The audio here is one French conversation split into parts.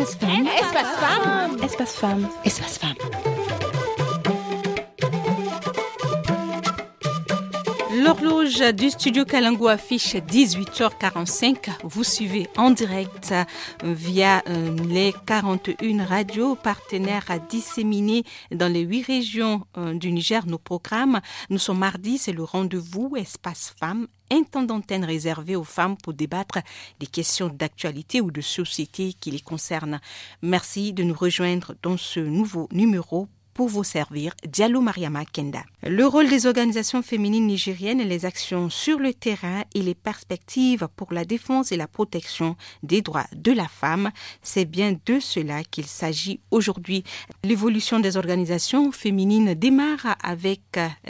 was warm? Es was warm? Es was warm? Es was warm? L'horloge du studio Kalango affiche 18h45. Vous suivez en direct euh, via euh, les 41 radios partenaires à disséminer dans les 8 régions euh, du Niger nos programmes. Nous sommes mardi, c'est le rendez-vous Espace Femmes, un temps d'antenne réservé aux femmes pour débattre des questions d'actualité ou de société qui les concernent. Merci de nous rejoindre dans ce nouveau numéro pour vous servir, Diallo Mariama Kenda. Le rôle des organisations féminines nigériennes et les actions sur le terrain et les perspectives pour la défense et la protection des droits de la femme, c'est bien de cela qu'il s'agit aujourd'hui. L'évolution des organisations féminines démarre avec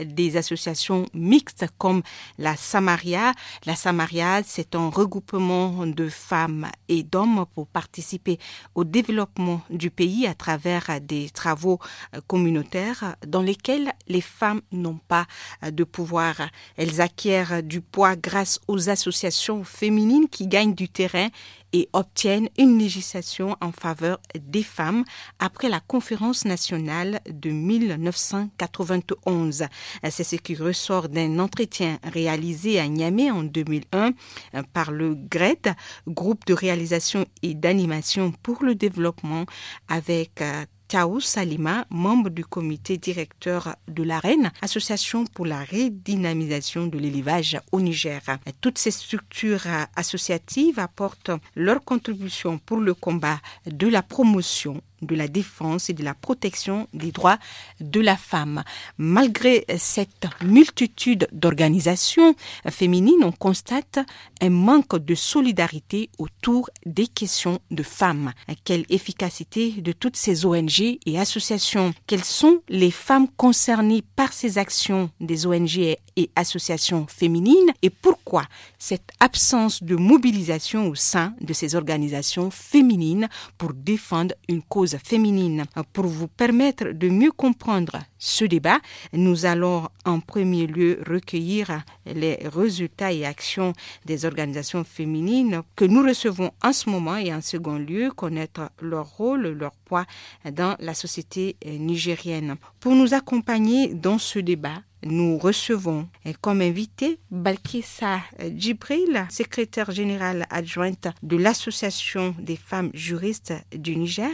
des associations mixtes comme la Samaria. La Samaria, c'est un regroupement de femmes et d'hommes pour participer au développement du pays à travers des travaux euh, communautaires communautaire dans lesquelles les femmes n'ont pas euh, de pouvoir. Elles acquièrent du poids grâce aux associations féminines qui gagnent du terrain et obtiennent une législation en faveur des femmes après la conférence nationale de 1991. C'est ce qui ressort d'un entretien réalisé à Niamey en 2001 euh, par le GRED, groupe de réalisation et d'animation pour le développement, avec euh, Taou Salima, membre du comité directeur de l'AREN, Association pour la redynamisation de l'élevage au Niger. Toutes ces structures associatives apportent leur contribution pour le combat de la promotion de la défense et de la protection des droits de la femme. Malgré cette multitude d'organisations féminines, on constate un manque de solidarité autour des questions de femmes. Quelle efficacité de toutes ces ONG et associations Quelles sont les femmes concernées par ces actions des ONG et associations féminines et pourquoi cette absence de mobilisation au sein de ces organisations féminines pour défendre une cause féminines. Pour vous permettre de mieux comprendre ce débat, nous allons en premier lieu recueillir les résultats et actions des organisations féminines que nous recevons en ce moment et en second lieu connaître leur rôle, leur poids dans la société nigérienne. Pour nous accompagner dans ce débat, nous recevons comme invité Balkissa euh, Djibril, secrétaire générale adjointe de l'Association des femmes juristes du Niger.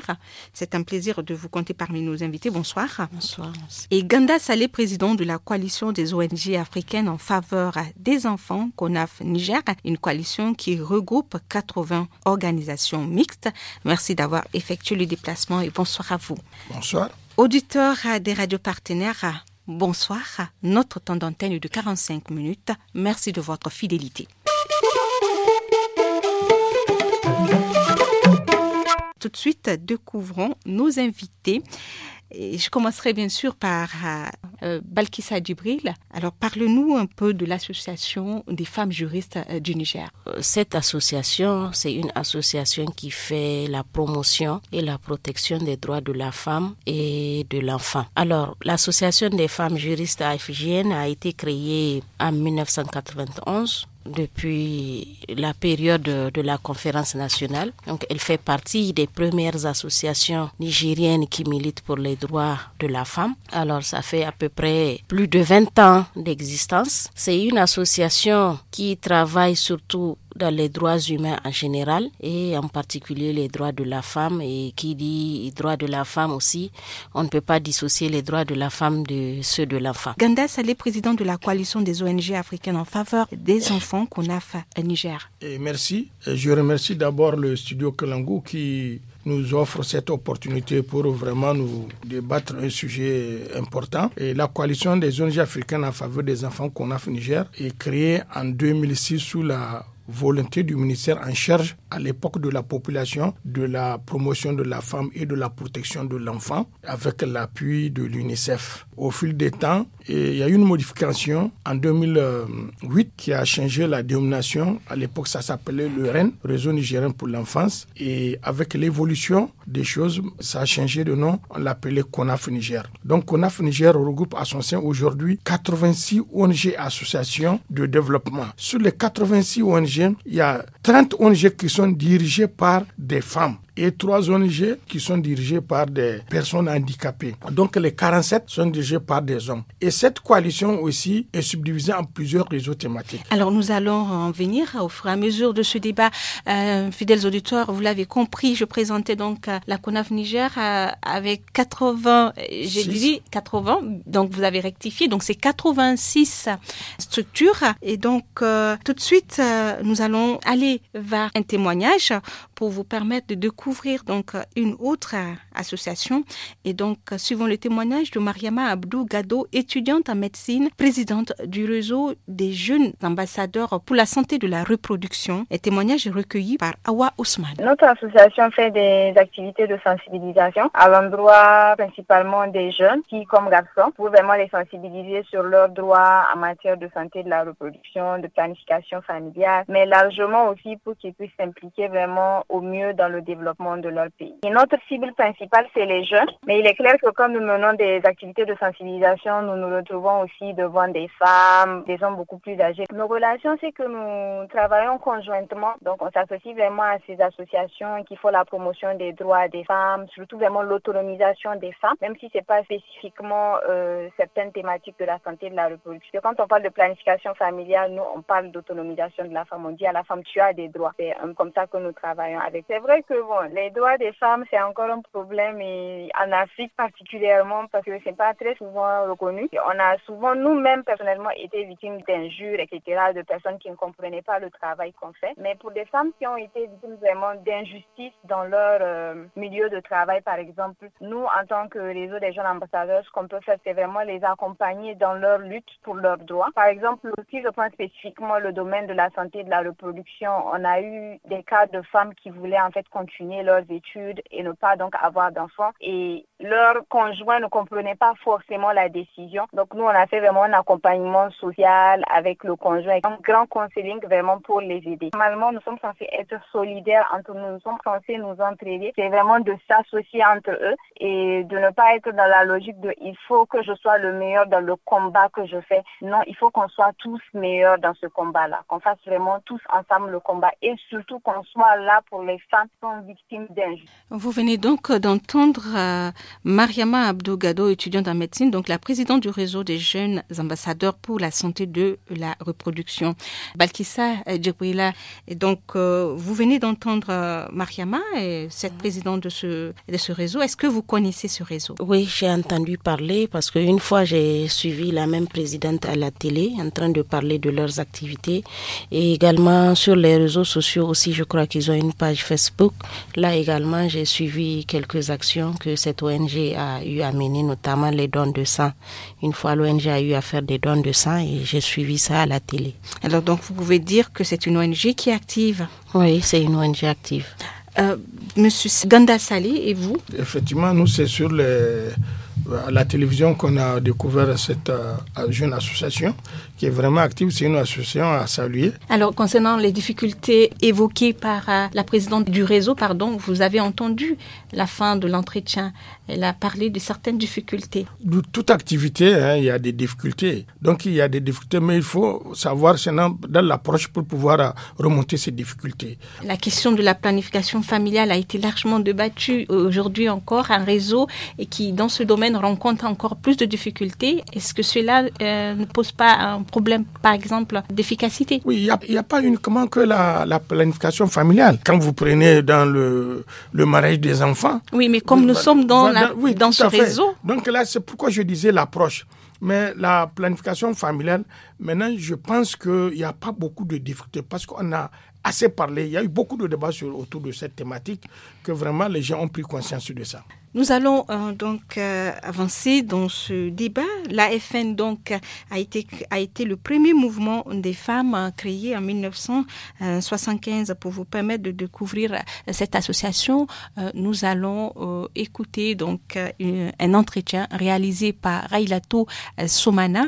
C'est un plaisir de vous compter parmi nos invités. Bonsoir. Bonsoir. Et Ganda Saleh, président de la coalition des ONG africaines en faveur des enfants, CONAF Niger, une coalition qui regroupe 80 organisations mixtes. Merci d'avoir effectué le déplacement et bonsoir à vous. Bonsoir. Auditeur des radios partenaires, Bonsoir. Notre temps d'antenne est de 45 minutes. Merci de votre fidélité. Tout de suite, découvrons nos invités je commencerai bien sûr par euh, euh, Balkissa Djibril. Alors parle-nous un peu de l'association des femmes juristes euh, du Niger. Cette association, c'est une association qui fait la promotion et la protection des droits de la femme et de l'enfant. Alors l'association des femmes juristes AFGN a été créée en 1991 depuis la période de la conférence nationale. Donc, elle fait partie des premières associations nigériennes qui militent pour les droits de la femme. Alors, ça fait à peu près plus de 20 ans d'existence. C'est une association qui travaille surtout dans les droits humains en général et en particulier les droits de la femme. Et qui dit droits de la femme aussi, on ne peut pas dissocier les droits de la femme de ceux de l'enfant. Ganda Salé, président de la coalition des ONG africaines en faveur des enfants qu'on a fait à Niger. Et merci. je remercie d'abord le studio Kalangou qui nous offre cette opportunité pour vraiment nous débattre un sujet important. Et la coalition des ONG africaines en faveur des enfants qu'on a Niger est créée en 2006 sous la volonté du ministère en charge à l'époque de la population, de la promotion de la femme et de la protection de l'enfant, avec l'appui de l'UNICEF. Au fil des temps, et il y a eu une modification en 2008 qui a changé la dénomination. À l'époque, ça s'appelait le REN, Réseau nigérien pour l'enfance. Et avec l'évolution des choses, ça a changé de nom. On l'appelait CONAF Niger. Donc CONAF Niger regroupe à son sein aujourd'hui 86 ONG associations de développement. Sur les 86 ONG Georgia e a 30 ONG qui sont dirigées par des femmes et 3 ONG qui sont dirigées par des personnes handicapées. Donc les 47 sont dirigées par des hommes. Et cette coalition aussi est subdivisée en plusieurs réseaux thématiques. Alors nous allons en venir au fur et à mesure de ce débat. Euh, fidèles auditeurs, vous l'avez compris, je présentais donc euh, la CONAF Niger euh, avec 80, j'ai dit 80, donc vous avez rectifié, donc c'est 86 structures. Et donc tout de suite, nous allons aller vers un témoignage pour vous permettre de découvrir donc euh, une autre euh, association. Et donc, euh, suivant le témoignage de Mariama Abdou Gado, étudiante en médecine, présidente du réseau des jeunes ambassadeurs pour la santé de la reproduction, et témoignage recueilli par Awa Ousmane. Notre association fait des activités de sensibilisation à l'endroit principalement des jeunes, qui, comme garçons, pour vraiment les sensibiliser sur leurs droits en matière de santé de la reproduction, de planification familiale, mais largement aussi pour qu'ils puissent s'impliquer vraiment au mieux dans le développement de leur pays. Et notre cible principale, c'est les jeunes, mais il est clair que quand nous menons des activités de sensibilisation, nous nous retrouvons aussi devant des femmes, des hommes beaucoup plus âgés. Nos relations, c'est que nous travaillons conjointement, donc on s'associe vraiment à ces associations qui font la promotion des droits des femmes, surtout vraiment l'autonomisation des femmes, même si ce n'est pas spécifiquement euh, certaines thématiques de la santé de la reproduction. Quand on parle de planification familiale, nous on parle d'autonomisation de la femme, on dit à la femme tu as des droits. C'est comme ça que nous travaillons. C'est vrai que bon, les droits des femmes, c'est encore un problème et en Afrique particulièrement parce que c'est pas très souvent reconnu. on a souvent nous-mêmes personnellement été victimes d'injures, etc., de personnes qui ne comprenaient pas le travail qu'on fait. Mais pour des femmes qui ont été victimes vraiment d'injustice dans leur euh, milieu de travail, par exemple, nous, en tant que réseau des jeunes ambassadeurs, ce qu'on peut faire, c'est vraiment les accompagner dans leur lutte pour leurs droits. Par exemple, si je prends spécifiquement le domaine de la santé et de la reproduction, on a eu des cas de femmes qui qui voulaient en fait continuer leurs études et ne pas donc avoir d'enfants. Et leur conjoint ne comprenait pas forcément la décision. Donc nous, on a fait vraiment un accompagnement social avec le conjoint, un grand counseling vraiment pour les aider. Normalement, nous sommes censés être solidaires entre nous, nous sommes censés nous entraider. C'est vraiment de s'associer entre eux et de ne pas être dans la logique de il faut que je sois le meilleur dans le combat que je fais. Non, il faut qu'on soit tous meilleurs dans ce combat-là, qu'on fasse vraiment tous ensemble le combat et surtout qu'on soit là pour les femmes victimes Vous venez donc euh, d'entendre euh, Mariama Abdougado, étudiante en médecine, donc la présidente du réseau des jeunes ambassadeurs pour la santé de la reproduction. Balkissa Djibrila, et donc euh, vous venez d'entendre Mariama, et cette mm. présidente de ce, de ce réseau. Est-ce que vous connaissez ce réseau Oui, j'ai entendu parler parce qu'une fois j'ai suivi la même présidente à la télé en train de parler de leurs activités et également sur les réseaux sociaux aussi, je crois qu'ils ont une Facebook. Là également, j'ai suivi quelques actions que cette ONG a eu à mener, notamment les dons de sang. Une fois, l'ONG a eu à faire des dons de sang et j'ai suivi ça à la télé. Alors donc, vous pouvez dire que c'est une ONG qui est active Oui, c'est une ONG active. Euh, Monsieur Gandassali, et vous Effectivement, nous, c'est sur la télévision qu'on a découvert cette euh, jeune association qui est vraiment active. C'est une association à saluer. Alors, concernant les difficultés évoquées par euh, la présidente du réseau, pardon, vous avez entendu la fin de l'entretien. Elle a parlé de certaines difficultés. De toute activité, hein, il y a des difficultés. Donc, il y a des difficultés, mais il faut savoir sinon, dans l'approche pour pouvoir euh, remonter ces difficultés. La question de la planification familiale a été largement débattue euh, aujourd'hui encore. Un réseau et qui, dans ce domaine, rencontre encore plus de difficultés. Est-ce que cela ne pose pas un problème, par exemple, d'efficacité. Oui, il n'y a, pas uniquement que la, planification familiale. Quand vous prenez dans le, le mariage des enfants. Oui, mais comme nous sommes dans, dans ce réseau. Donc là, c'est pourquoi je disais l'approche. Mais la planification familiale, maintenant, je pense qu'il n'y a pas beaucoup de difficultés parce qu'on a assez parlé. Il y a eu beaucoup de débats autour de cette thématique que vraiment les gens ont pris conscience de ça. Nous allons euh, donc euh, avancer dans ce débat. L'AFN donc a été a été le premier mouvement des femmes euh, créé en 1975 pour vous permettre de découvrir cette association. nous allons écouter donc un entretien réalisé par Railato Somana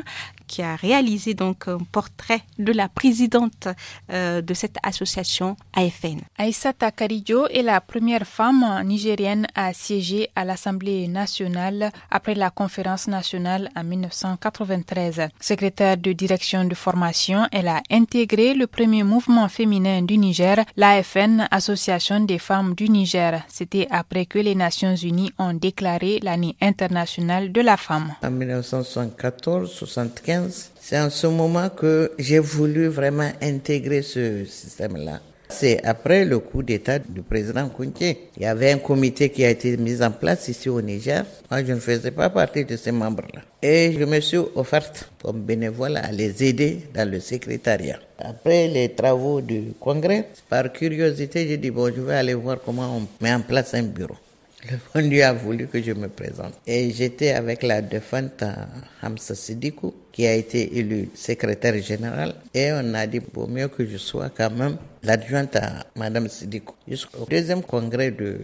qui a réalisé donc un portrait de la présidente euh, de cette association AFN. Aïssa Takarijo est la première femme nigérienne à siéger à l'Assemblée nationale après la conférence nationale en 1993. Secrétaire de direction de formation, elle a intégré le premier mouvement féminin du Niger, l'AFN, Association des femmes du Niger. C'était après que les Nations unies ont déclaré l'année internationale de la femme. En 1974-75, c'est en ce moment que j'ai voulu vraiment intégrer ce système-là. C'est après le coup d'État du président Kounté. Il y avait un comité qui a été mis en place ici au Niger. Moi, je ne faisais pas partie de ces membres-là. Et je me suis offerte comme bénévole à les aider dans le secrétariat. Après les travaux du congrès, par curiosité, j'ai dit, bon, je vais aller voir comment on met en place un bureau. Le bon a voulu que je me présente. Et j'étais avec la défunte euh, Hamza Sidikou, qui a été élue secrétaire générale. Et on a dit, pour mieux que je sois quand même l'adjointe à Madame Sidiko jusqu'au deuxième congrès de,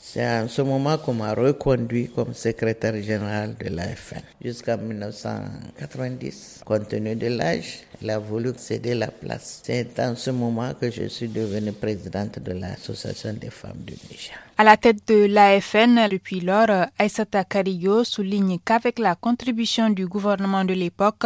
C'est en ce moment qu'on m'a reconduit comme secrétaire général de l'AFN. Jusqu'en 1990, compte tenu de l'âge, elle a voulu céder la place. C'est en ce moment que je suis devenue présidente de l'Association des femmes du Niger. À la tête de l'AFN, depuis lors, Aïssata Kario souligne qu'avec la contribution du gouvernement de l'époque,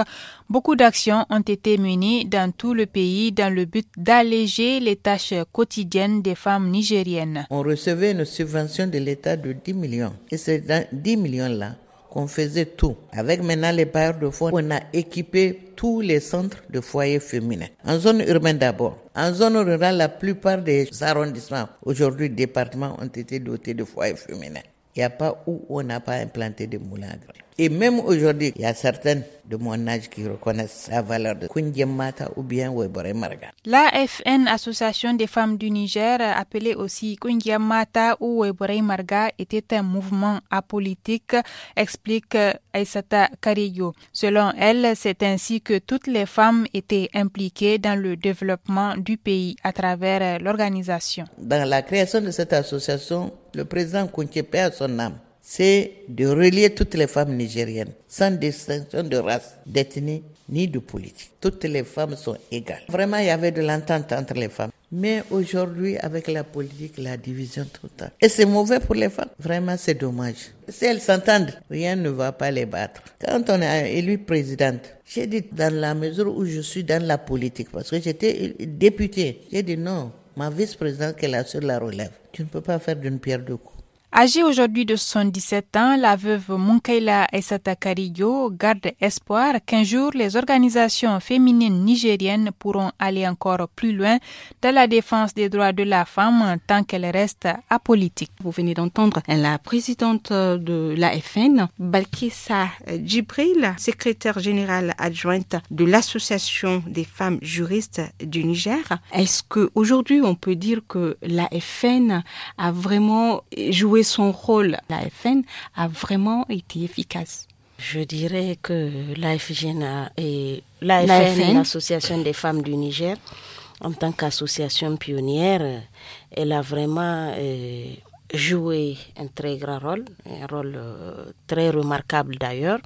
beaucoup d'actions ont été menées dans tout le pays dans le but d'alléger les tâches quotidiennes des femmes nigériennes. On recevait une subvention de l'État de 10 millions. Et c'est dans 10 millions-là qu'on faisait tout. Avec maintenant les bailleurs de fonds, on a équipé tous les centres de foyers féminins. En zone urbaine d'abord. En zone rurale, la plupart des arrondissements, aujourd'hui départements, ont été dotés de foyers féminins. Il n'y a pas où on n'a pas implanté de moulins et même aujourd'hui, il y a certaines de mon âge qui reconnaissent la valeur de Kundiamata ou bien Webore Marga. L'AFN, Association des femmes du Niger, appelée aussi Kundiamata ou Webore Marga, était un mouvement apolitique, explique Aïsata Kareyo. Selon elle, c'est ainsi que toutes les femmes étaient impliquées dans le développement du pays à travers l'organisation. Dans la création de cette association, le président Kunchepe a son âme c'est de relier toutes les femmes nigériennes, sans distinction de race, d'ethnie ni de politique. Toutes les femmes sont égales. Vraiment, il y avait de l'entente entre les femmes. Mais aujourd'hui, avec la politique, la division totale. Et c'est mauvais pour les femmes. Vraiment, c'est dommage. Si elles s'entendent, rien ne va pas les battre. Quand on est élu présidente, j'ai dit dans la mesure où je suis dans la politique, parce que j'étais députée, j'ai dit non, ma vice-présidente qu'elle assure la relève. Tu ne peux pas faire d'une pierre deux coups. Âgée aujourd'hui de 77 ans, la veuve Munkayla Essata garde espoir qu'un jour les organisations féminines nigériennes pourront aller encore plus loin dans la défense des droits de la femme tant qu'elle reste apolitique. Vous venez d'entendre la présidente de l'AFN, Balkissa Djibril, secrétaire générale adjointe de l'Association des femmes juristes du Niger. Est-ce qu'aujourd'hui on peut dire que l'AFN a vraiment joué son rôle, la FN a vraiment été efficace. Je dirais que l'AFN et l'Association des femmes du Niger, en tant qu'association pionnière, elle a vraiment euh, joué un très grand rôle, un rôle euh, très remarquable d'ailleurs,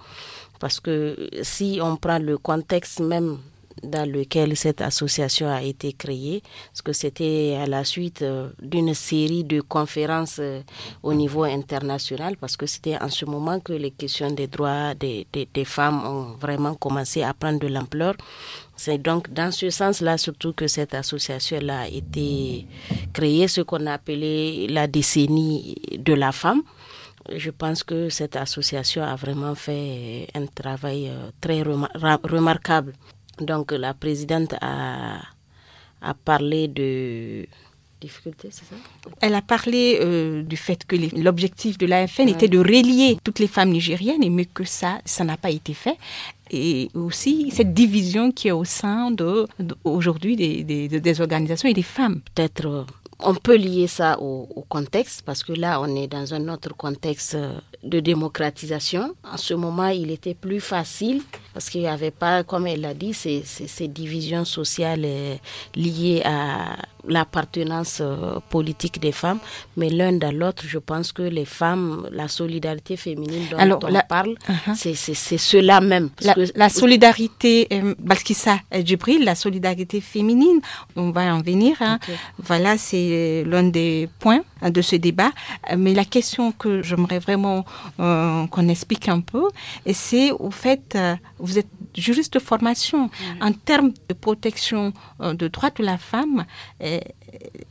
parce que si on prend le contexte même dans lequel cette association a été créée, parce que c'était à la suite euh, d'une série de conférences euh, au niveau international, parce que c'était en ce moment que les questions des droits des, femmes ont vraiment commencé à prendre de l'ampleur. C'est donc dans ce sens-là surtout que cette association a été créée, ce qu'on appelait la décennie de la femme je pense que cette association a vraiment fait un travail euh, très remarquable donc la présidente a, a parlé de difficultés, c'est ça Elle a parlé euh, du fait que l'objectif de l'AFN était de relier toutes les femmes nigériennes, mais que ça, ça n'a pas été fait. Et aussi cette division qui est au sein de aujourd'hui des, des, des, organisations et des femmes. Peut-être euh, on peut lier ça au, contexte parce que là, on est dans un autre contexte euh, de démocratisation. En ce moment, il était plus facile parce qu'il n'y avait pas, comme elle l'a dit, ces divisions sociales euh, liées à l'appartenance euh, politique des femmes, mais l'un dans l'autre, je pense que les femmes, la solidarité féminine dont on parle, uh-huh. c'est cela même. La, solidarité, euh, parce que ça, euh, Djibril, la solidarité féminine, on va en venir. Hein. Voilà, c'est l'un des points hein, de ce débat. Mais la question que j'aimerais vraiment qu'on explique un peu, c'est au fait, vous êtes juriste de formation. Mm. En termes de protection euh, de droits de la femme, eh,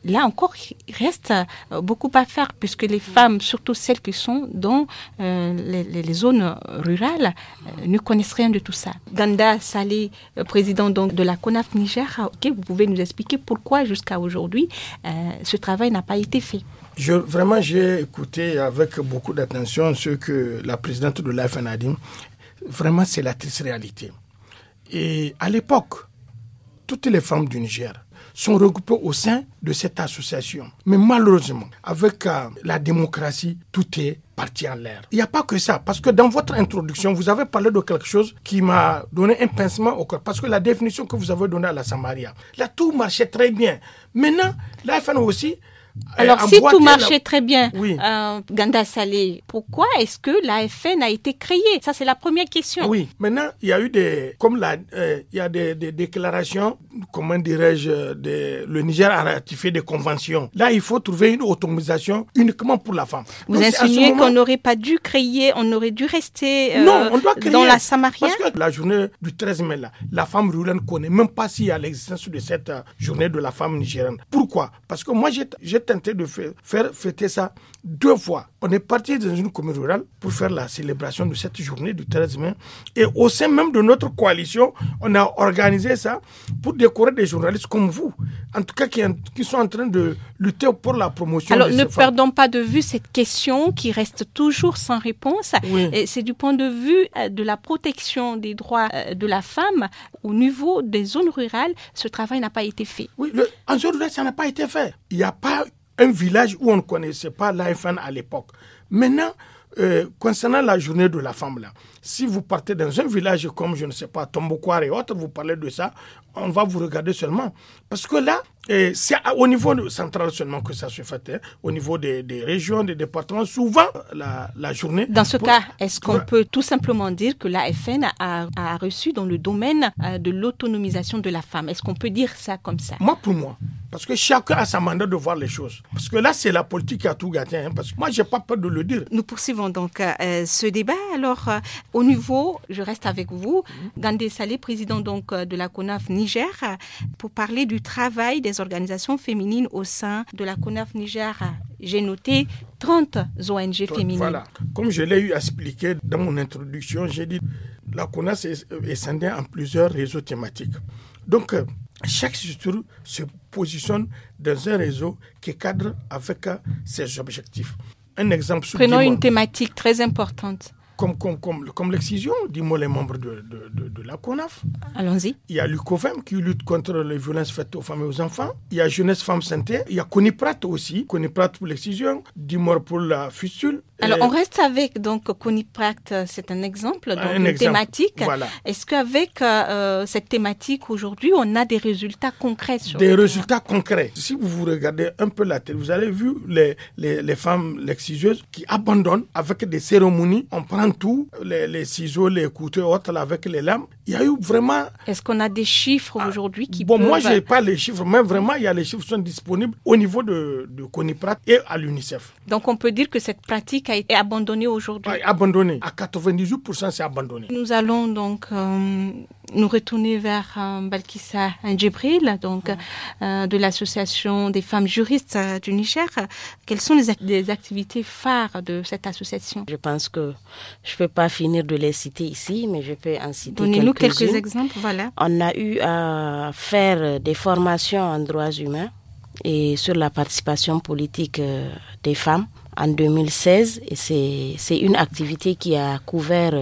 là encore, il reste euh, beaucoup à faire, puisque les mm. femmes, surtout celles qui sont dans euh, les, zones rurales, ne connaissent rien de tout ça. Ganda Saleh, président donc de la CONAF Niger, vous pouvez nous expliquer pourquoi jusqu'à aujourd'hui ce travail n'a pas été fait. Je, vraiment, j'ai écouté avec beaucoup d'attention ce que la présidente de l'AFNADIM Vraiment, c'est la triste réalité. Et à l'époque, toutes les femmes du Niger sont regroupées au sein de cette association. Mais malheureusement, avec euh, la démocratie, tout est parti en l'air. Il n'y a pas que ça, parce que dans votre introduction, vous avez parlé de quelque chose qui m'a donné un pincement au cœur, parce que la définition que vous avez donnée à la Samaria, là, tout marchait très bien. Maintenant, la FN aussi, euh, Alors, si tout marchait très bien, euh, Ganda Salé, pourquoi est-ce que l'AFN a été créée Ça, c'est la première question. Oui. Maintenant, il y a eu des, comme la, euh, il y a des, déclarations, comment dirais-je, le Niger a ratifié des conventions. Là, il faut trouver une autorisation uniquement pour la femme. Vous insinuez qu'on n'aurait pas dû créer, on aurait dû rester non, on doit créer, dans la Samaria Parce que la journée du 13 mai, là, la femme rurale connaît même pas s'il y a l'existence de cette journée de la femme nigérienne. Pourquoi Parce que moi, j'ai tenté de faire fêter ça deux fois. On est parti dans une commune rurale pour faire la célébration de cette journée du 13 mai. Et au sein même de notre coalition, on a organisé ça pour décorer des journalistes comme vous, en tout cas qui, sont en train de lutter pour la promotion. Alors ne perdons pas de vue cette question qui reste toujours sans réponse. C'est du point de vue euh, de la protection des droits euh, de la femme au niveau des zones rurales. Ce travail n'a pas été fait. Oui, en zone rurale, ça n'a pas été fait. Il n'y a pas un village où on ne connaissait pas l'IFN à l'époque. Maintenant, euh, concernant la journée de la femme, là, si vous partez dans un village comme, je ne sais pas, Tomboukwar et autres, vous parlez de ça, on va vous regarder seulement. Parce que là, eh, c'est au niveau central seulement que ça se fait, hein. au niveau des, régions, des départements, souvent la, journée. Dans ce cas, est-ce qu'on peut tout simplement dire que l'AFN a, reçu dans le domaine euh, de l'autonomisation de la femme Est-ce qu'on peut dire ça comme ça Moi, pour moi. Parce que chacun a sa manière de voir les choses. Parce que là, c'est la politique qui a tout gâté. Hein. parce que moi, je n'ai pas peur de le dire. Nous poursuivons donc euh, ce débat. Alors, euh, au niveau, je reste avec vous, mhm. Gandé Saleh, président donc euh, de la CONAF Niger, pour parler du travail des organisations féminines au sein de la CONAF Niger. J'ai noté 30 ONG féminines. Comme je l'ai eu expliqué dans mon introduction, j'ai dit la CONAF est scindée en plusieurs réseaux thématiques. Donc, euh, chaque structure se positionne dans un réseau qui cadre avec euh, ses objectifs. Un exemple. Prenons une thématique très importante comme, comme, comme, l'excision, dis-moi les membres de, de, de, la CONAF. Allons-y. Il y a l'UCOVEM qui lutte contre les violences faites aux femmes et aux enfants. Il y a Jeunesse Femmes Santé. Il y a Coniprat aussi. Coniprat pour l'excision, Dimor pour la fistule. Alors, on reste avec donc Coniprat, c'est un exemple, donc une thématique. Est-ce qu'avec euh, euh, cette thématique aujourd'hui, on a des résultats concrets sur Des résultats concrets. Si vous regardez un peu la télé, vous avez vu les, les, femmes l'excision qui abandonnent avec des cérémonies. On prend tout, les, ciseaux, les couteaux autres, avec les lames. Il y a eu vraiment. Est-ce qu'on a des chiffres ah, aujourd'hui qui Bon, moi, je n'ai pas les chiffres, mais vraiment, il y a les chiffres sont disponibles au niveau de, de Coniprat et à l'UNICEF. Donc, on peut dire que cette pratique a été abandonnée aujourd'hui Abandonnée. À 98%, c'est abandonné. Nous allons donc. Euh, nous retourner vers euh, Balkissa Njibril, donc euh, de l'association des femmes juristes euh, du Niger. Quelles sont les, activités phares de cette association Je pense que je ne peux pas finir de les citer ici, mais je peux en citer Donnez-nous quelques, exemples, voilà. On a eu à faire des formations en droits humains et sur la participation politique des femmes en 2016 et c'est une activité qui a couvert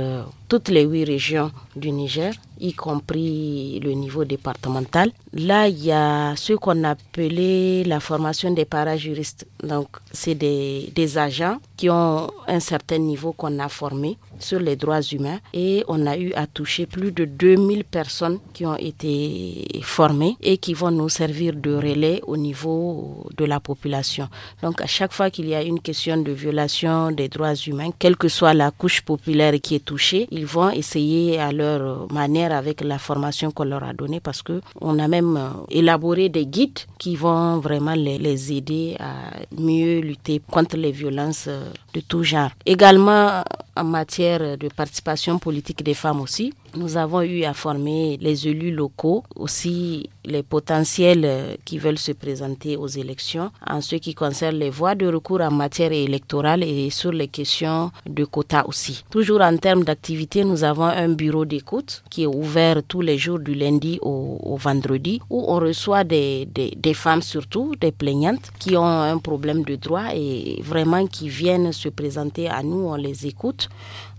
toutes les huit régions du Niger, y compris le niveau départemental. Là, il y a ce qu'on appelait la formation des parajuristes. Donc, c'est des, des, agents qui ont un certain niveau qu'on a formé sur les droits humains et on a eu à toucher plus de 2000 personnes qui ont été formées et qui vont nous servir de relais au niveau de la population. Donc, à chaque fois qu'il y a une question de violation des droits humains, quelle que soit la couche populaire qui est touchée, ils vont essayer à leur manière avec la formation qu'on leur a donnée parce que on a même euh, élaboré des guides qui vont vraiment les, les aider à mieux lutter contre les violences euh, de tout genre. Également en matière de participation politique des femmes aussi, nous avons eu à former les élus locaux, aussi les potentiels euh, qui veulent se présenter aux élections en ce qui concerne les voies de recours en matière électorale et sur les questions de quotas aussi. Toujours en termes d'activité, nous avons un bureau d'écoute qui est ouvert tous les jours du lundi au, vendredi où on reçoit des, des, des, femmes surtout, des plaignantes qui ont un problème de droit et vraiment qui viennent se présenter à nous, on les écoute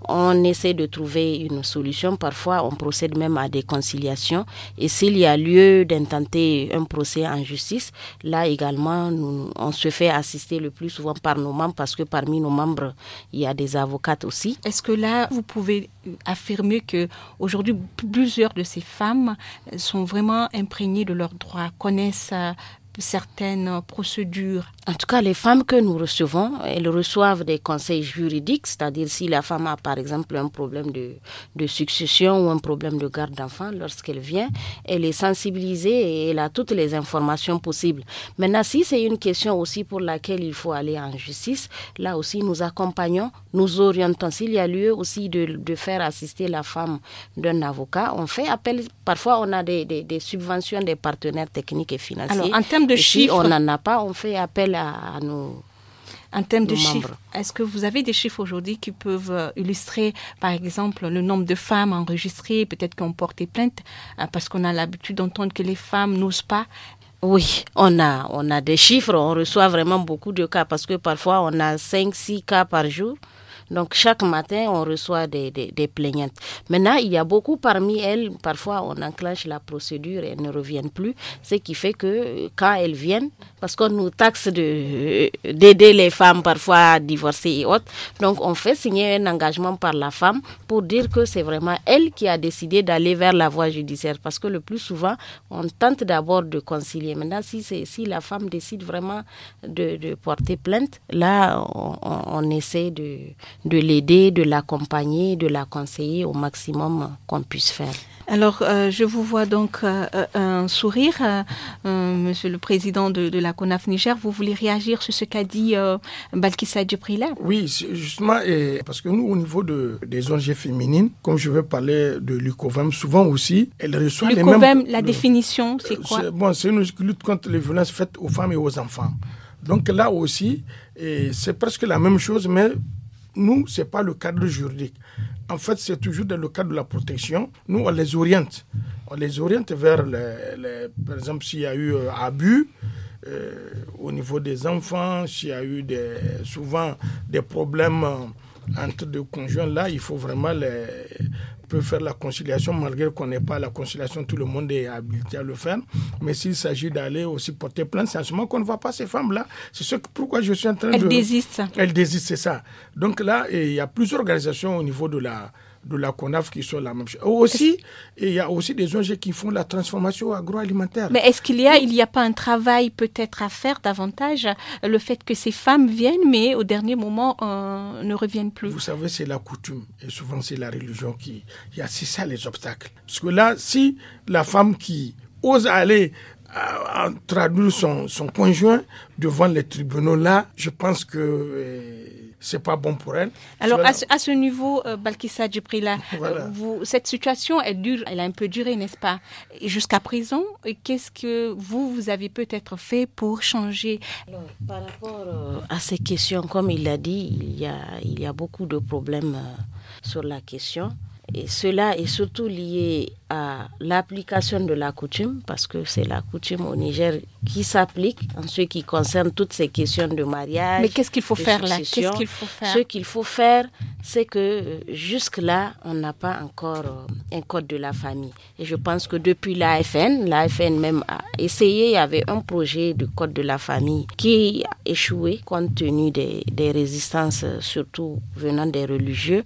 on essaie de trouver une solution. Parfois, on procède même à des conciliations. Et s'il y a lieu d'intenter un procès en justice, là également, on se fait assister le plus souvent par nos membres parce que parmi nos membres, il y a des avocates aussi. Est-ce que là, vous pouvez affirmer que aujourd'hui, plusieurs de ces femmes sont vraiment imprégnées de leurs droits, connaissent euh, certaines procédures en tout cas, les femmes que nous recevons, elles reçoivent des conseils juridiques, c'est-à-dire si la femme a par exemple un problème de, succession ou un problème de garde d'enfants, lorsqu'elle vient, elle est sensibilisée et elle a toutes les informations possibles. Maintenant, si c'est une question aussi pour laquelle il faut aller en justice, là aussi nous accompagnons, nous orientons. S'il y a lieu aussi de, faire assister la femme d'un avocat, on fait appel. Parfois, on a des, subventions des partenaires techniques et financiers. Alors, en termes de chiffres. Si on n'en a pas, on fait appel à, en termes de chiffres, est-ce que vous avez des chiffres aujourd'hui qui peuvent euh, illustrer, par exemple, le nombre de femmes enregistrées, peut-être qui ont porté plainte, euh, parce qu'on a l'habitude d'entendre que les femmes n'osent pas oui, on a, on a des chiffres, on reçoit vraiment beaucoup de cas parce que parfois on a 5-6 cas par jour. Donc chaque matin, on reçoit des, des, plaignantes. Maintenant, il y a beaucoup parmi elles, parfois on enclenche la procédure et elles ne reviennent plus, ce qui fait que euh, quand elles viennent, parce qu'on nous taxe euh, d'aider les femmes parfois à divorcer et autres, donc on fait signer un engagement par la femme pour dire que c'est vraiment elle qui a décidé d'aller vers la voie judiciaire, parce que le plus souvent, on tente d'abord de concilier. Maintenant, si, si la femme décide vraiment de, porter plainte, là, on, on essaie de de l'aider, de l'accompagner, de la conseiller au maximum qu'on puisse faire. Alors, euh, je vous vois donc euh, euh, un sourire, Monsieur le Président de, la CONAF Niger. Vous voulez réagir sur ce qu'a dit Balkissa Djibrila Oui, justement, et parce que nous, au niveau de, des ONG féminines, comme je vais parler de l'UCOVEM, souvent aussi, elle reçoit les mêmes... la définition, c'est quoi Bon, c'est une lutte contre les violences faites aux femmes et aux enfants. Donc là aussi, c'est presque la même chose, mais nous, ce n'est pas le cadre juridique. En fait, c'est toujours dans le cadre de la protection. Nous, on les oriente. On les oriente vers, les, par exemple, s'il y a eu euh, abus euh, au niveau des enfants, s'il y a eu des, souvent des problèmes euh, entre deux conjoints, là, il faut vraiment les, peut faire la conciliation, malgré qu'on n'ait pas la conciliation, tout le monde est habilité à le faire. Mais s'il s'agit d'aller aussi porter plainte, c'est en ce moment qu'on ne voit pas ces femmes-là. C'est ce pourquoi je suis en train de. Elles désistent. Elles désistent, c'est ça. Donc là, il y a plusieurs organisations au niveau de la de la CONAF qui sont la même chose. Aussi, il y a aussi des ONG qui font la transformation agroalimentaire. Mais est-ce qu'il y a, il n'y a pas un travail peut-être à faire davantage euh, le fait que ces femmes viennent, mais au dernier moment euh, ne reviennent plus Vous savez, c'est la coutume et souvent c'est la religion qui, c'est ça les obstacles. Parce que là, si la femme qui ose aller euh, traduire son, conjoint devant les tribunaux là, je pense que c'est pas bon pour elle. Alors, à ce, niveau, euh, Balkissa Djibrila, euh, cette situation, elle, dure, elle a un peu duré, n'est-ce pas Jusqu'à présent, qu'est-ce que vous, vous avez peut-être fait pour changer Par rapport euh, à ces questions, comme il l'a dit, il y, a, beaucoup de problèmes sur la question. Et cela est surtout lié à l'application de la coutume, parce que c'est la coutume au Niger qui s'applique en ce qui concerne toutes ces questions de mariage. Mais qu'est-ce qu'il faut faire là Qu'est-ce qu'il faut faire Ce qu'il faut faire, c'est que euh, jusque-là, on n'a pas encore euh, un code de la famille. Et je pense que depuis l'AFN, l'AFN même a essayé, il y avait un projet de code de la famille qui a échoué compte tenu des, résistances, euh, surtout venant des religieux.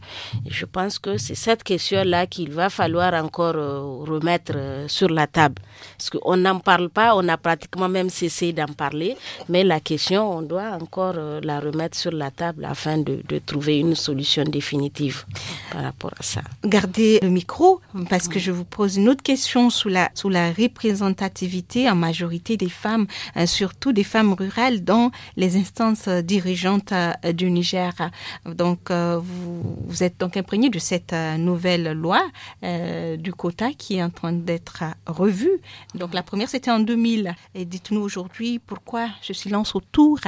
je pense que c'est cette question-là qu'il va falloir encore remettre sur la table. Parce qu'on n'en parle pas, on a pratiquement même cessé d'en parler, mais la question, on doit encore la remettre sur la table afin de trouver une solution définitive par rapport à ça. Gardez le micro parce que je vous pose une autre question sous la, sous la représentativité en majorité des femmes, euh, surtout des femmes rurales dans les instances euh, dirigeantes euh, du Niger. Donc, vous, êtes donc imprégné de cette nouvelle loi du quota qui est en train d'être revue. Donc, la première, c'était en 2000. Et dites-nous aujourd'hui pourquoi je silence autour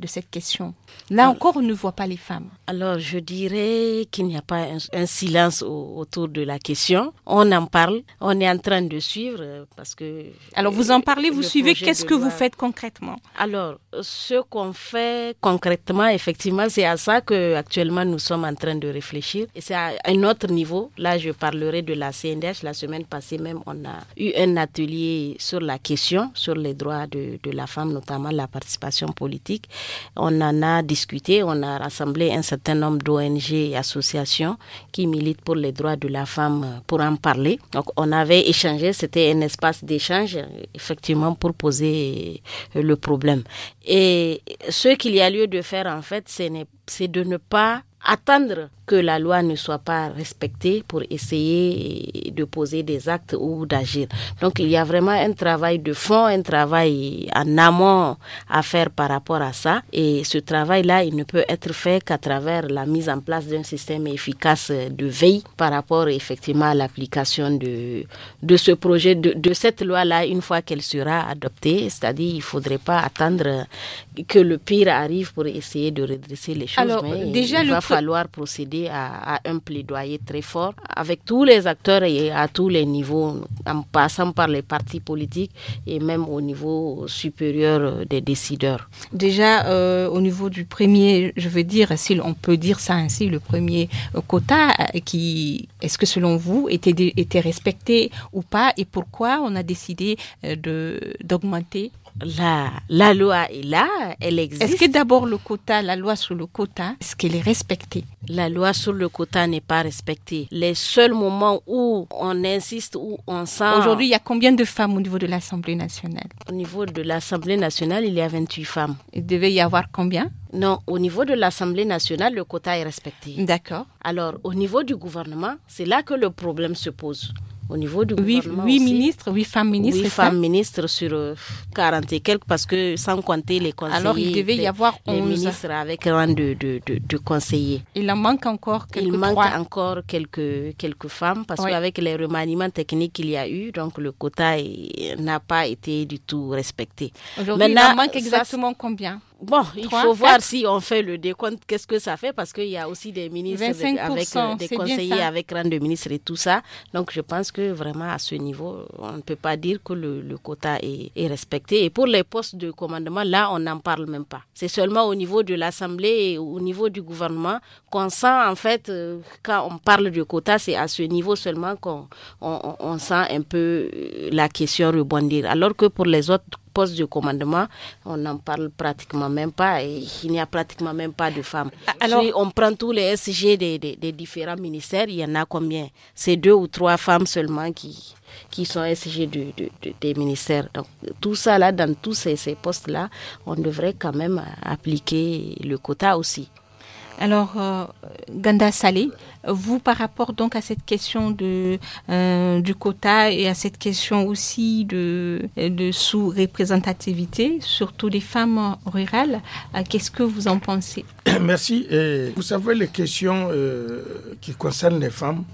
de cette question. Là encore, on ne voit pas les femmes. Alors, je dis dirais qu'il n'y a pas un, silence autour de la question. On en parle, on est en train de suivre euh, parce que. Alors vous en parlez, vous suivez. Qu'est-ce que vous faites concrètement Alors ce qu'on fait concrètement, effectivement, c'est à ça que actuellement nous sommes en train de réfléchir. Et c'est à un autre niveau. Là, je parlerai de la CNDH. La semaine passée même, on a eu un atelier sur la question, sur les droits de, de la femme, notamment la participation politique. On en a discuté, on a rassemblé un certain nombre d'ONG ONG et associations qui militent pour les droits de la femme euh, pour en parler. Donc on avait échangé, c'était un espace d'échange effectivement pour poser euh, le problème. Et ce qu'il y a lieu de faire en fait, c'est de ne pas attendre que la loi ne soit pas respectée pour essayer de poser des actes ou d'agir. Donc il y a vraiment un travail de fond, un travail en amont à faire par rapport à ça. Et ce travail-là, il ne peut être fait qu'à travers la mise en place d'un système efficace de veille par rapport effectivement à l'application de, de ce projet, de, de cette loi-là, une fois qu'elle sera adoptée. C'est-à-dire il ne faudrait pas attendre que le pire arrive pour essayer de redresser les choses. Alors, déjà, le falloir procéder à, un plaidoyer très fort avec tous les acteurs et à tous les niveaux, en passant par les partis politiques et même au niveau supérieur des décideurs. Déjà, euh, au niveau du premier, je veux dire, si on peut dire ça ainsi, le premier quota euh, qui, est-ce que selon vous, était, était respecté ou pas et pourquoi on a décidé euh, de, d'augmenter la, la loi est là, elle existe. Est-ce que d'abord le quota, la loi sur le quota, est-ce qu'elle est respectée la loi sur le quota n'est pas respectée. Les seuls moments où on insiste, où on sent... Aujourd'hui, il y a combien de femmes au niveau de l'Assemblée nationale Au niveau de l'Assemblée nationale, il y a 28 femmes. Il devait y avoir combien non, au niveau de l'Assemblée nationale, le quota est respecté. D'accord. Alors, au niveau du gouvernement, c'est là que le problème se pose au niveau du gouvernement. Huit ministres, huit femmes ministres. Huit femmes ministres sur 40 euh, et quelques, parce que sans compter les conseillers. Alors il devait les, y avoir 11. Les ministres avec rang de, de, conseillers. Il en manque encore quelques Il manque encore quelques, quelques femmes, parce qu'avec les remaniements techniques qu'il y a eu, donc le quota n'a pas été du tout respecté. Aujourd'hui, il en manque exactement combien Bon, il faut voir si on fait le décompte, qu'est-ce que ça fait, parce qu'il y a aussi des ministres avec, euh, des conseillers avec rang de ministre et tout ça. Donc, je pense que vraiment à ce niveau, on ne peut pas dire que le, quota est, respecté. Et pour les postes de commandement, là, on n'en parle même pas. C'est seulement au niveau de l'Assemblée et au niveau du gouvernement qu'on sent, en fait, euh, quand on parle de quota, c'est à ce niveau seulement qu'on on sent un peu euh, la question rebondir. Alors que pour les autres poste de commandement, on n'en parle pratiquement même pas et il n'y a pratiquement même pas de femmes. Ah, alors, on prend tous les SG des, des, différents ministères, il y en a combien C'est deux ou trois femmes seulement qui, qui sont SG des ministères. Donc tout ça là, dans tous ces, ces postes-là, on devrait quand même appliquer le quota aussi. Alors, euh, Ganda Saleh, vous, par rapport donc à cette question de, euh, du quota et à cette question aussi de, de sous-représentativité, surtout des femmes rurales, euh, qu'est-ce que vous en pensez Merci. vous savez, les questions qui concernent les femmes,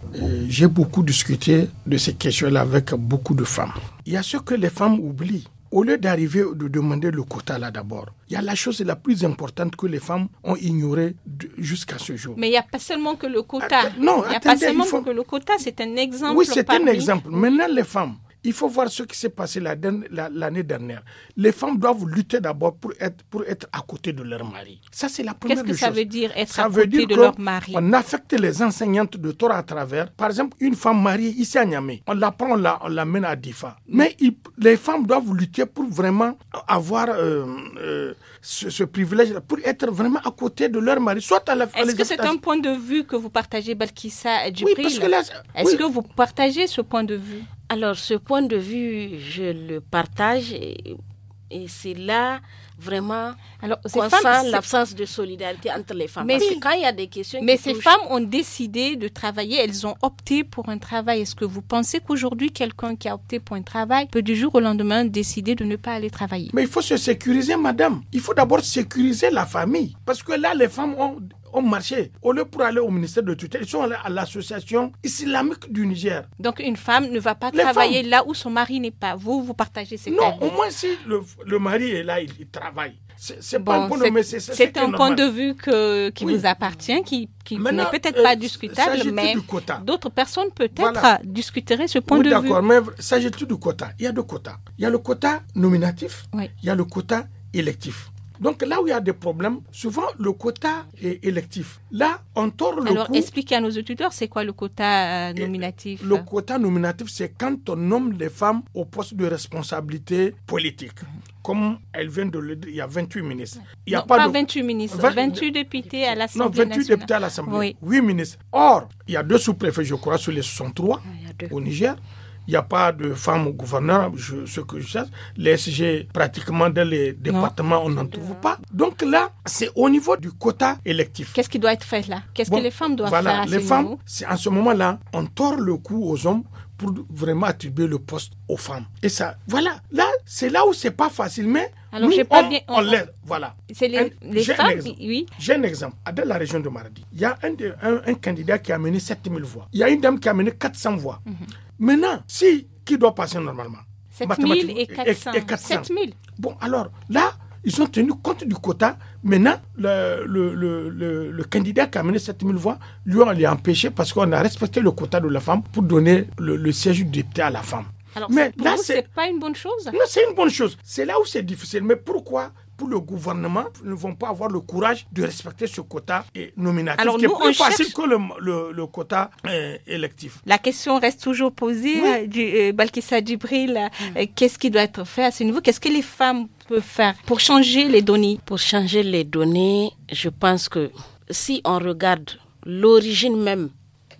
j'ai beaucoup discuté de ces questions-là avec beaucoup de femmes. Il y a ce que les femmes oublient au lieu d'arriver de demander le quota là d'abord, il y a la chose la plus importante que les femmes ont ignorée jusqu'à ce jour. Mais il n'y a pas seulement que le quota. non, il n'y a pas seulement que le quota, c'est un exemple. Oui, c'est un exemple. Maintenant, les femmes, il faut voir ce qui s'est passé l'année dernière. Les femmes doivent lutter d'abord pour être, pour être à côté de leur mari. Ça, c'est la première chose. Qu'est-ce que ça veut dire être à côté de leur mari On affecte les enseignantes de Torah à travers. Par exemple, une femme mariée ici à Niamey, on la prend, on l'amène à Difa. Mais les femmes doivent lutter pour vraiment avoir euh, euh, ce, privilège, pour être vraiment à côté de leur mari, soit à la Est-ce que c'est un point de vue que vous partagez, Balkissa Djibril oui, Est-ce que vous partagez ce point de vue alors, ce point de vue, je le partage. Et, c'est là vraiment qu'on sent l'absence de solidarité entre les femmes. Mais quand il y a des questions. Mais ces femmes ont décidé de travailler, elles ont opté pour un travail. Est-ce que vous pensez qu'aujourd'hui, quelqu'un qui a opté pour un travail peut du jour au lendemain décider de ne pas aller travailler Mais il faut se sécuriser, madame. Il faut d'abord sécuriser la famille. Parce que là, les femmes ont ont marché. Au lieu pour aller au ministère de tutelle, ils sont allés à l'association islamique du Niger. Donc une femme ne va pas travailler là où son mari n'est pas. Vous, vous partagez cette Non, au moins si le, mari est là, il, travaille. C'est bon, C'est un point de vue que, qui nous vous appartient, qui, qui n'est peut-être pas euh, discutable, mais d'autres personnes peut-être discuteraient ce point de vue. D'accord, mais s'agit-il du quota Il y a deux quotas. Il y a le quota nominatif, il y a le quota électif. Donc là où il y a des problèmes, souvent le quota est électif. Là, on tord le Alors, expliquez à nos auditeurs, c'est quoi le quota euh, nominatif Le quota nominatif, c'est quand on nomme les femmes au poste de responsabilité politique. Comme elle vient de le dire, il y a 28 ministres. Il n'y a pas, de... 28 ministres, 28 députés à l'Assemblée. Non, 28 députés à l'Assemblée. Oui. 8 ministres. Or, il y a deux sous-préfets, je crois, sur les 63 ah, au Niger. Il n'y a pas de femmes au gouverneur, je, ce que je cherche. Les SG, pratiquement dans les départements, on n'en trouve pas. Donc là, c'est au niveau du quota électif. Qu'est-ce qui doit être fait là Qu'est-ce que les femmes doivent faire Voilà, Les femmes, c'est en ce moment-là, on tord le cou aux hommes pour vraiment attribuer le poste aux femmes. Et ça, voilà. Là, c'est là où c'est pas facile, mais alors, nous, pas on, bien, on, Voilà. C'est les, femmes, oui. J'ai un exemple. Ah, dans la région de Maradi, il y a un, un, candidat qui a mené 7000 voix. Il y a une dame qui a mené 400 voix. Mhm. Maintenant, si qui doit passer normalement 7000 et Bon, alors là, ils ont tenu compte du quota. Maintenant, le, candidat qui a mené 7000 voix, lui, on l'a empêché parce qu'on a respecté le quota de la femme pour donner le, siège du député à la femme. Alors, Mais là, c'est pas une bonne chose Non, c'est une bonne chose. C'est là où c'est difficile. Mais pourquoi pour le gouvernement ne vont pas avoir le courage de respecter ce quota nominatif Alors, qui nous, est plus facile que le, quota euh, électif. La question reste toujours posée, euh, du, euh, Balkissa Djibril, mm. qu'est-ce qui doit être fait à ce niveau Qu'est-ce que les femmes peuvent faire pour changer les données Pour changer les données, je pense que si on regarde l'origine même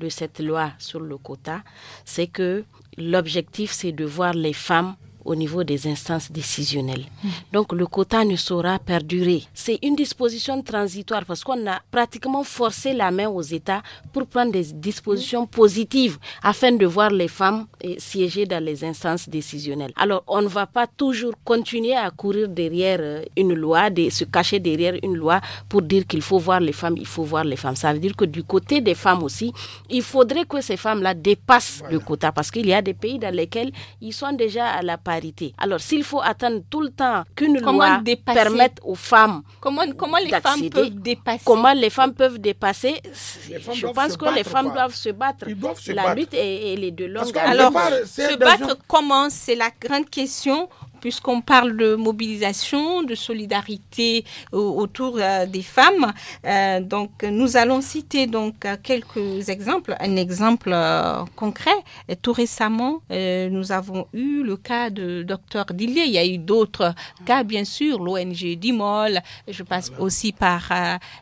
de cette loi sur le quota, c'est que l'objectif, c'est de voir les femmes au niveau des instances décisionnelles. Donc le quota ne saura perdurer. C'est une disposition transitoire parce qu'on a pratiquement forcé la main aux États pour prendre des dispositions positives afin de voir les femmes eh, siéger dans les instances décisionnelles. Alors on ne va pas toujours continuer à courir derrière euh, une loi, de se cacher derrière une loi pour dire qu'il faut voir les femmes, il faut voir les femmes. Ça veut dire que du côté des femmes aussi, il faudrait que ces femmes-là dépassent le quota parce qu'il y a des pays dans lesquels ils sont déjà à la alors, s'il faut attendre tout le temps qu'une loi permette aux femmes comment, comment les femmes peuvent dépasser Comment les femmes peuvent dépasser Je pense que les femmes doivent se battre. La lutte est, les de Alors, se battre comment C'est la grande question puisqu'on parle de mobilisation, de solidarité autour euh, des femmes. Euh, donc, nous allons citer donc euh, quelques exemples. Un exemple concret, tout récemment, nous avons eu le cas de Dr Dillier. Il y a eu d'autres cas, bien sûr, l'ONG Dimol. Je passe aussi par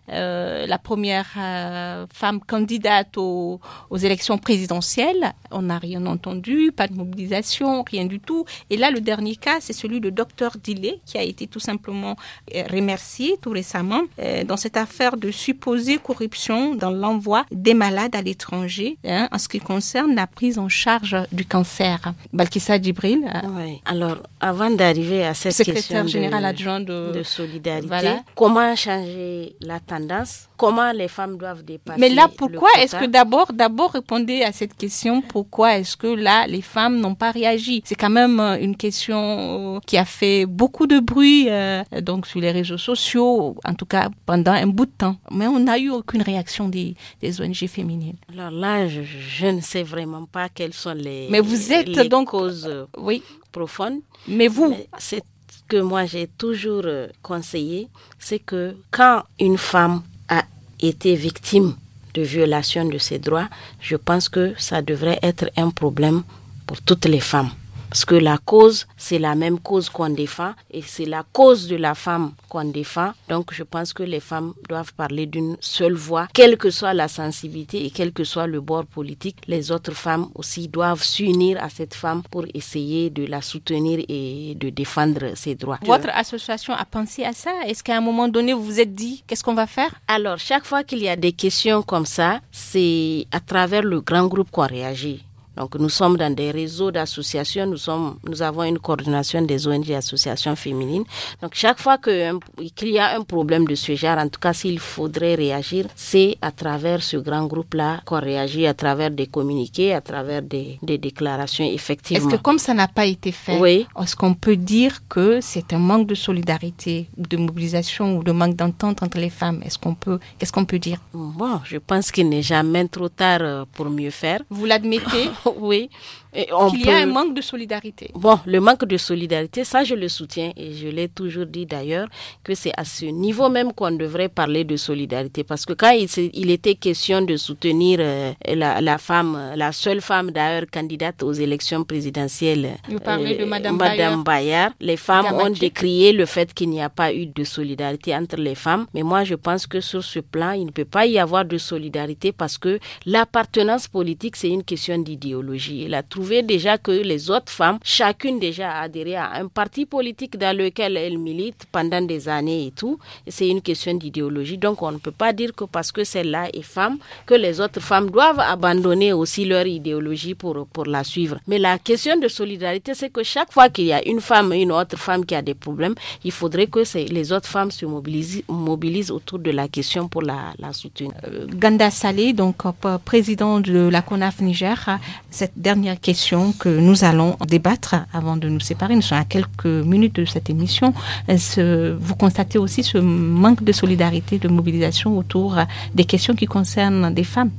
la première femme candidate aux, aux, élections présidentielles. On n'a rien entendu, pas de mobilisation, rien du tout. Et là, le dernier cas, c'est celui du docteur Dillet qui a été tout simplement euh, remercié tout récemment euh, dans cette affaire de supposée corruption dans l'envoi des malades à l'étranger hein, en ce qui concerne la prise en charge du cancer. Balkissa Djibril. Euh, Alors, avant d'arriver à cette secrétaire question général de, adjoint de, solidarité, voilà. comment changer la tendance comment les femmes doivent dépasser. Mais là, pourquoi est-ce que d'abord, d'abord répondez à cette question, pourquoi est-ce que là, les femmes n'ont pas réagi C'est quand même euh, une question euh, qui a fait beaucoup de bruit, euh, donc sur les réseaux sociaux, en tout cas pendant un bout de temps. Mais on n'a eu aucune réaction des, ONG féminines. Alors là, je, ne sais vraiment pas quelles sont les, Mais vous êtes donc, causes oui. profondes. Mais vous C'est que moi j'ai toujours conseillé, c'est que quand une femme a été victime de violation de ses droits, je pense que ça devrait être un problème pour toutes les femmes. Parce que la cause, c'est la même cause qu'on défend et c'est la cause de la femme qu'on défend. Donc je pense que les femmes doivent parler d'une seule voix, quelle que soit la sensibilité et quel que soit le bord politique. Les autres femmes aussi doivent s'unir à cette femme pour essayer de la soutenir et de défendre ses droits. Votre association a pensé à ça Est-ce qu'à un moment donné, vous vous êtes dit, qu'est-ce qu'on va faire Alors, chaque fois qu'il y a des questions comme ça, c'est à travers le grand groupe qu'on réagit. Donc nous sommes dans des réseaux d'associations, nous, sommes, nous avons une coordination des ONG associations féminines. Donc chaque fois qu'il y a un problème de ce genre, en tout cas s'il faudrait réagir, c'est à travers ce grand groupe-là qu'on réagit, à travers des communiqués, à travers des, déclarations effectivement. Est-ce que comme ça n'a pas été fait, est-ce qu'on peut dire que c'est un manque de solidarité, de mobilisation ou de manque d'entente entre les femmes Est-ce qu'on peut, qu'est-ce qu'on peut dire Bon, je pense qu'il n'est jamais trop tard euh, pour mieux faire. Vous l'admettez oui. Qu'il y a un manque de solidarité. Bon, le manque de solidarité, ça je le soutiens et je l'ai toujours dit d'ailleurs que c'est à ce niveau même qu'on devrait parler de solidarité parce que quand il, était question de soutenir euh, la, femme, la seule femme d'ailleurs candidate aux élections présidentielles, euh, Madame, Madame Bayard, les femmes ont décrié le fait qu'il n'y a pas eu de solidarité entre les femmes, mais moi je pense que sur ce plan, il ne peut pas y avoir de solidarité parce que l'appartenance politique c'est une question d'idéologie. La déjà que les autres femmes, chacune déjà a adhéré à un parti politique dans lequel elles militent pendant des années et tout. C'est une question d'idéologie. Donc on ne peut pas dire que parce que celle-là est femme, que les autres femmes doivent abandonner aussi leur idéologie pour, pour la suivre. Mais la question de solidarité, c'est que chaque fois qu'il y a une femme, une autre femme qui a des problèmes, il faudrait que les autres femmes se mobilisent, mobilisent autour de la question pour la, soutenir. Euh, Ganda Saleh, donc euh, président de la CONAF Niger, cette dernière question que nous allons débattre avant de nous séparer. Nous sommes à quelques minutes de cette émission. vous constatez aussi ce manque de solidarité, de mobilisation autour des questions qui concernent des femmes.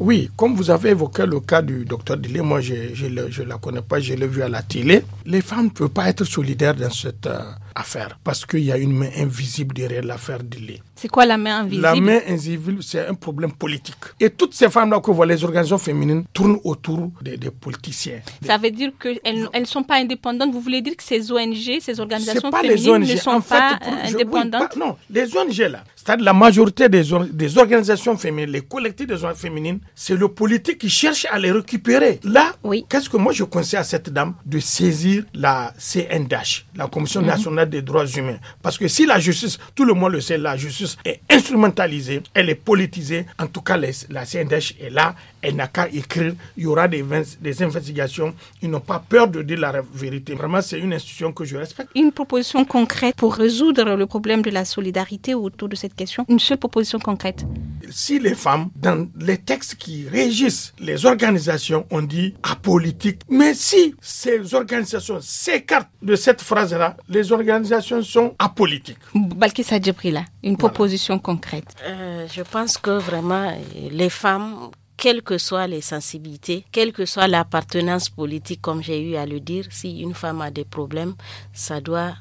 Oui, comme vous avez évoqué le cas du docteur Dillet, moi je ne la connais pas, je l'ai vu à la télé. Les femmes ne peuvent pas être solidaires dans cette euh, affaire parce qu'il y a une main invisible derrière l'affaire Dillet. C'est quoi la main invisible La main invisible, c'est un problème politique. Et toutes ces femmes-là que voient les organisations féminines tournent autour des, politiciens. Ça veut dire qu'elles ne sont pas indépendantes. Vous voulez dire que ces ONG, ces organisations féminines ne sont pas indépendantes Non, les ONG, là, c'est-à-dire la majorité des, organisations féminines, les collectifs des organisations féminines, c'est le politique qui cherche à les récupérer. Là, qu'est-ce que moi je conseille à cette dame de saisir la CNDH, la Commission mhm. nationale des droits humains Parce que si la justice, tout le monde le sait, la justice est instrumentalisée, elle est politisée. En tout cas, la CNDH est là, elle n'a qu'à écrire, il y aura des, des investigations. Ils n'ont pas peur de dire la vérité. Vraiment, c'est une institution que je respecte. Une proposition concrète pour résoudre le problème de la solidarité autour de cette question. Une seule proposition concrète. Si les femmes, dans les textes qui régissent les organisations, ont dit apolitique, mais si ces organisations s'écartent de cette phrase-là, les organisations sont apolitiques. Balkissa là une proposition concrète. Euh, je pense que vraiment, les femmes quelles que soient les sensibilités, quelle que soit l'appartenance politique, comme j'ai eu à le dire, si une femme a des problèmes, ça doit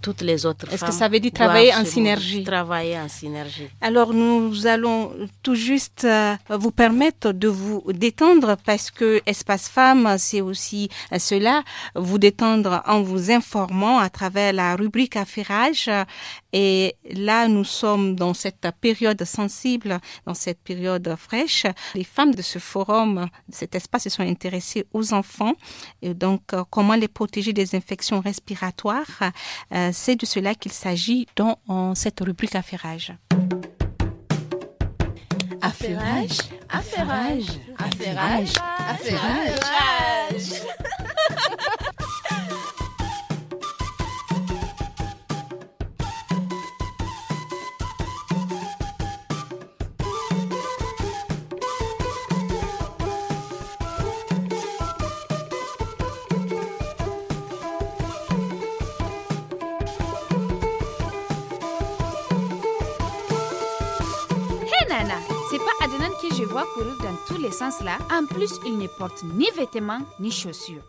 toutes les autres Est-ce que ça veut dire travailler en synergie Travailler en synergie. Alors nous allons tout juste euh, vous permettre de vous détendre parce que Espace Femmes, c'est aussi euh, cela, vous détendre en vous informant à travers la rubrique affaires. Et là, nous sommes dans cette période sensible, dans cette période fraîche. Les femmes de ce forum, de cet espace, se sont intéressées aux enfants. Et donc, euh, comment les protéger des infections respiratoires euh, C'est de cela qu'il s'agit dans cette rubrique affairage. Affairage, affairage, affairage. C'est pas Adnan que je vois courir dans tous les sens là. En plus, il ne porte ni vêtements ni chaussures.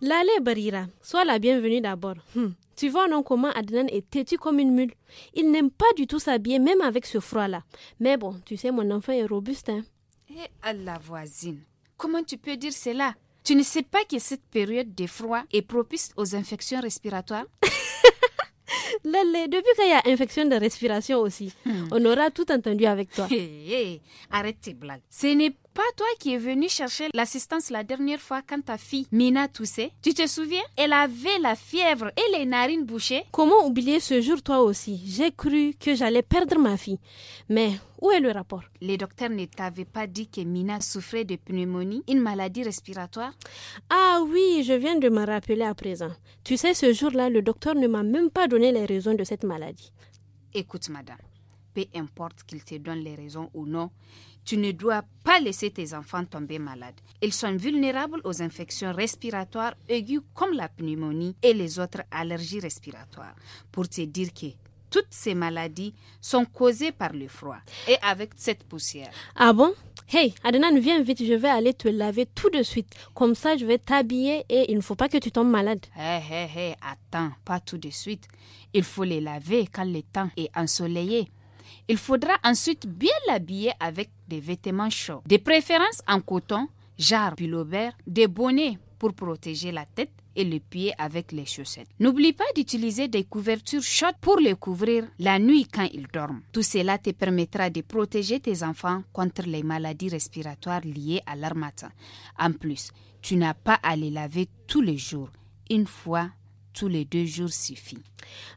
L'allée Barira, sois la bienvenue d'abord. Hmm. Tu vois non comment Adnan est têtu comme une mule. Il n'aime pas du tout s'habiller même avec ce froid-là. Mais bon, tu sais, mon enfant est robuste. Hein. Et eh, à la voisine, comment tu peux dire cela Tu ne sais pas que cette période de froid est propice aux infections respiratoires depuis qu'il y a infection de respiration aussi, hmm. on aura tout entendu avec toi. arrête tes blagues. Ce n'est pas toi qui es venu chercher l'assistance la dernière fois quand ta fille Mina toussait Tu te souviens Elle avait la fièvre et les narines bouchées. Comment oublier ce jour toi aussi J'ai cru que j'allais perdre ma fille. Mais où est le rapport Les docteurs ne t'avaient pas dit que Mina souffrait de pneumonie, une maladie respiratoire Ah oui, je viens de me rappeler à présent. Tu sais, ce jour-là, le docteur ne m'a même pas donné les raisons de cette maladie. Écoute, madame, peu importe qu'il te donne les raisons ou non, tu ne dois pas laisser tes enfants tomber malades. Ils sont vulnérables aux infections respiratoires aiguës comme la pneumonie et les autres allergies respiratoires. Pour te dire que toutes ces maladies sont causées par le froid et avec cette poussière. Ah bon Hey, Adnan, viens vite, je vais aller te laver tout de suite. Comme ça, je vais t'habiller et il ne faut pas que tu tombes malade. Hé, hé, hé, attends, pas tout de suite. Il faut les laver quand le temps est ensoleillé. Il faudra ensuite bien l'habiller avec des vêtements chauds, de préférence en coton, jarre, pullover, des bonnets pour protéger la tête et le pied avec les chaussettes. N'oublie pas d'utiliser des couvertures chaudes pour les couvrir la nuit quand ils dorment. Tout cela te permettra de protéger tes enfants contre les maladies respiratoires liées à matin. En plus, tu n'as pas à les laver tous les jours, une fois les deux jours suffit.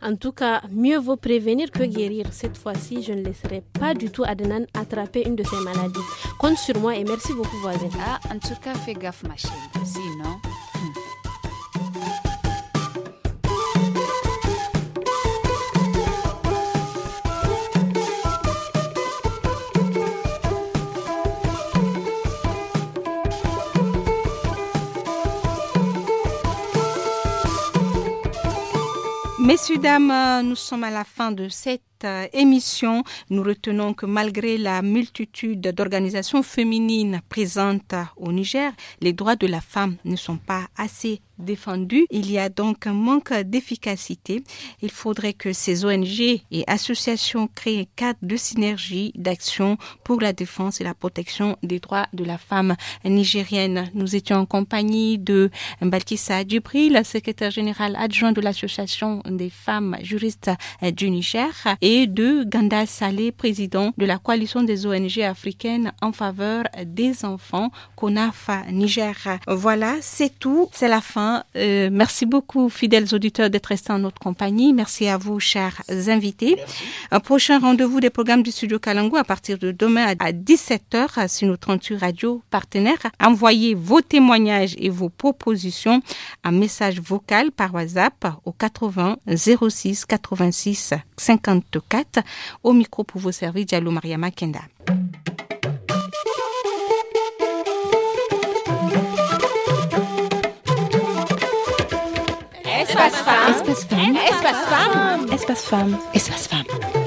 En tout cas, mieux vaut prévenir que guérir. Cette fois-ci, je ne laisserai pas du tout Adnan attraper une de ces maladies. Compte sur moi et merci beaucoup, voisin. Ah, en tout cas, fais gaffe, ma chérie. Sinon, Messieurs, dames, euh, nous sommes à la fin de cette euh, émission, nous retenons que malgré la multitude d'organisations féminines présentes au Niger, les droits de la femme ne sont pas assez défendus. Il y a donc un manque d'efficacité. Il faudrait que ces ONG et associations créent un cadre de synergie d'action pour la défense et la protection des droits de la femme nigérienne. Nous étions en compagnie de Balkissa la secrétaire générale adjoint de l'association des femmes juristes euh, du Niger et de Ganda Saleh, président de la coalition des ONG africaines en faveur des enfants Konafa, Niger. Voilà, c'est tout, c'est la fin. Euh, merci beaucoup, fidèles auditeurs, d'être restés en notre compagnie. Merci à vous, chers invités. prochain rendez-vous des programmes du studio Kalango à partir de demain à 17h sur nos 38 radio partenaires. Envoyez vos témoignages et vos propositions en message vocal par WhatsApp au 80 06 86 52. Au micro pour vous servir, Diallo Maria Makenda. Espace femme. Espace femme. Espace femme. Espace femme. Espace femme.